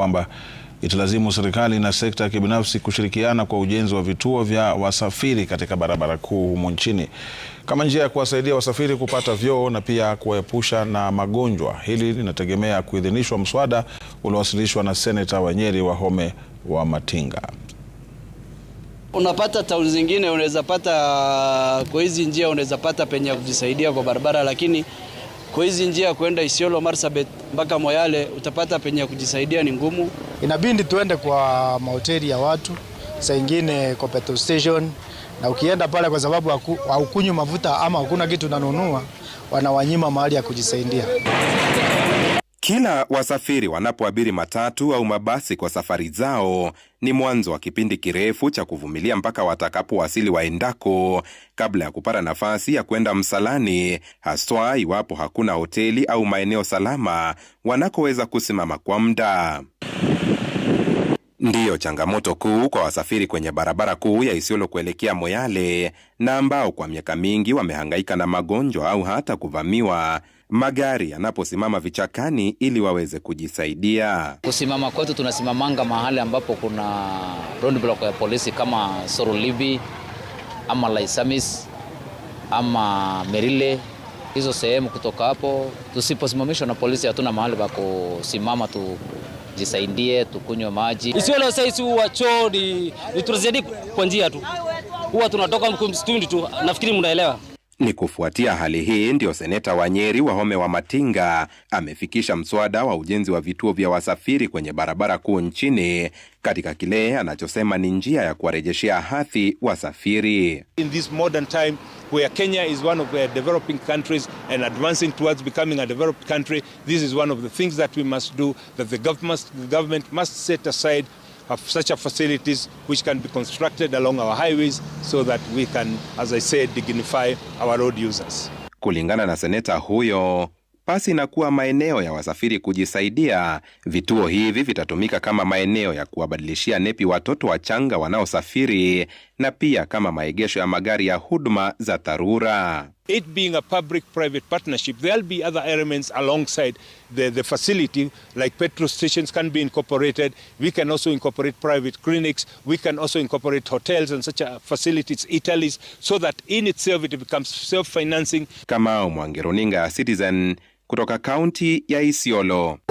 kwamba italazimu serikali na sekta ya kibinafsi kushirikiana kwa ujenzi wa vituo vya wasafiri katika barabara kuu humu nchini kama njia ya kuwasaidia wasafiri kupata vyoo na pia kuwaepusha na magonjwa. Hili linategemea kuidhinishwa mswada uliowasilishwa na seneta wa Nyeri Wahome Matinga. Unapata tauni zingine unaweza pata kwa hizi njia, unaweza pata penye ya kujisaidia kwa barabara, lakini kwa hizi njia ya kwenda Isiolo Marsabit mpaka Moyale utapata penye ya kujisaidia ni ngumu. Inabidi tuende kwa mahoteli ya watu, saa ingine kwa petrol station, na ukienda pale kwa sababu haukunywi mafuta ama hakuna kitu unanunua, wanawanyima mahali ya kujisaidia. Kila wasafiri wanapoabiri matatu au mabasi kwa safari zao, ni mwanzo wa kipindi kirefu cha kuvumilia mpaka watakapowasili waendako, kabla ya kupata nafasi ya kwenda msalani, haswa iwapo hakuna hoteli au maeneo salama wanakoweza kusimama kwa muda. Ndiyo changamoto kuu kwa wasafiri kwenye barabara kuu ya Isiolo kuelekea Moyale, na ambao kwa miaka mingi wamehangaika na magonjwa au hata kuvamiwa magari yanaposimama vichakani ili waweze kujisaidia. Kusimama kwetu, tunasimamanga mahali ambapo kuna roadblock ya polisi kama Sorolibi ama Laisamis ama Merile, hizo sehemu. Kutoka hapo tusiposimamishwa na polisi, hatuna mahali pa kusimama tu jisaidie tukunywe maji. Isiolo huwa choo ni tunazaidi kwa njia tu, huwa tunatoka mkumstundi tu, nafikiri mnaelewa. Ni kufuatia hali hii ndio seneta wa Nyeri Wahome matinga amefikisha mswada wa ujenzi wa vituo vya wasafiri kwenye barabara kuu nchini katika kile anachosema ni njia ya kuwarejeshea hadhi wasafiri. In this modern time where Kenya is one of the developing countries and advancing towards becoming a developed country, this is one of the things that we must do that the government, the government must set aside such a facilities which can be constructed along our highways so that we can, as I said, dignify our road users. Kulingana na seneta huyo, pasi na kuwa maeneo ya wasafiri kujisaidia, vituo hivi vitatumika kama maeneo ya kuwabadilishia nepi watoto wachanga wanaosafiri na pia kama maegesho ya magari ya huduma za dharura it being a public-private partnership, there'll be other elements alongside the, the facility, like petrol stations can be incorporated. We can also incorporate private clinics. We can also incorporate hotels and such facilities, Italy's, so that in itself it becomes self-financing. kamao mwangeroninga Citizen, kutoka county ya Isiolo.